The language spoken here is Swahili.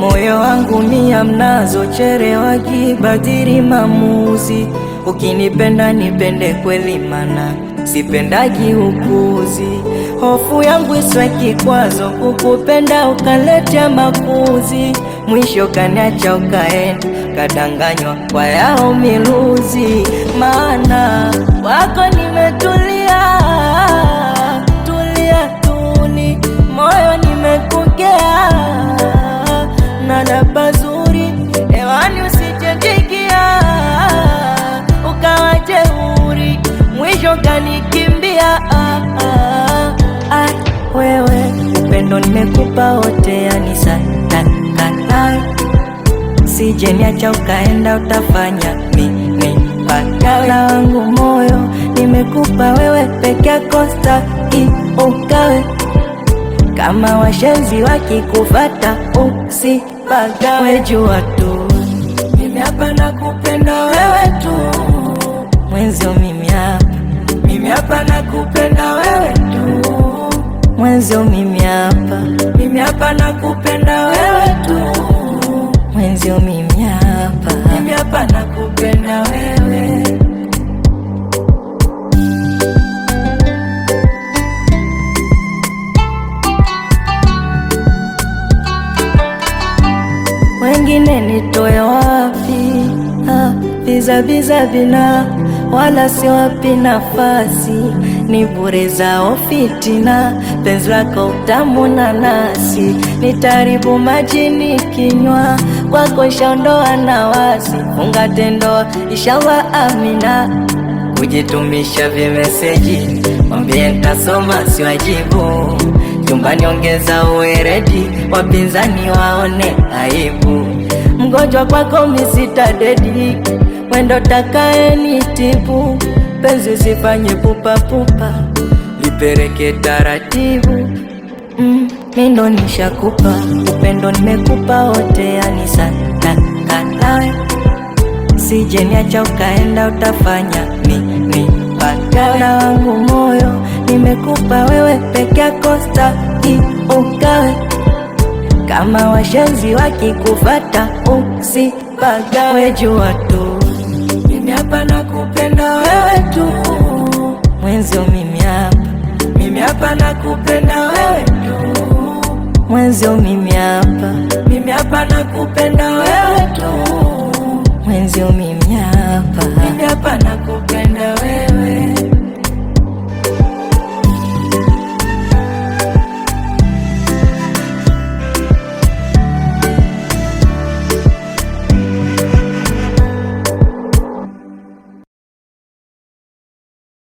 moyo wangu ni amnazo chere wakibadili mamuzi. Ukinipenda nipende kweli, mana sipendagi ukuzi. Hofu yangu iswe kikwazo kukupenda, ukaleta makuzi. Mwisho kaniacha ukaenda, kadanganywa kwa yao miluzi, mana wako ni nimekupa wote, yani sanaa, sije niacha ukaenda, utafanya mimi badala wangu moyo nimekupa wewe peke yako, staki ukawe kama washenzi wakikufata, usipagawe, jua tu nimeapa na kupenda wewe Mwenzo mimi hapa, mimi hapa nakupenda wewe tu. Mwenzo mimi hapa, mimi hapa nakupenda wewe. Wengine nitoe wapi? Ah, biza biza vina wala siwapi nafasi, ni bure zao fitina, penzi lako utamu na nasi, nitaribu majini kinywa kwako, ishaondoa na wasi, funga tendoa ishawa amina, kujitumisha vimeseji, mwambie ntasoma siwajibu, nyumbani ongeza uweredi, wapinzani waone aibu, mgonjwa kwako misita dedi mwendo takaeni tibu penzi sifanye pupapupa lipereke taratibu mm, mindo nishakupa upendo nimekupa wote yani satakanawe sije niacha ukaenda utafanya pakana wangu moyo nimekupa wewe peke kosta staki ukawe kama washenzi wakikufata usipagawe jua watu hapa na kupenda wewe tu, mwenzio mimi hapa, mimi hapa na kupenda wewe tu, mwenzio mimi hapa, mimi hapa na kupenda wewe tu, mwenzio mimi hapa, mimi hapa na nakupenda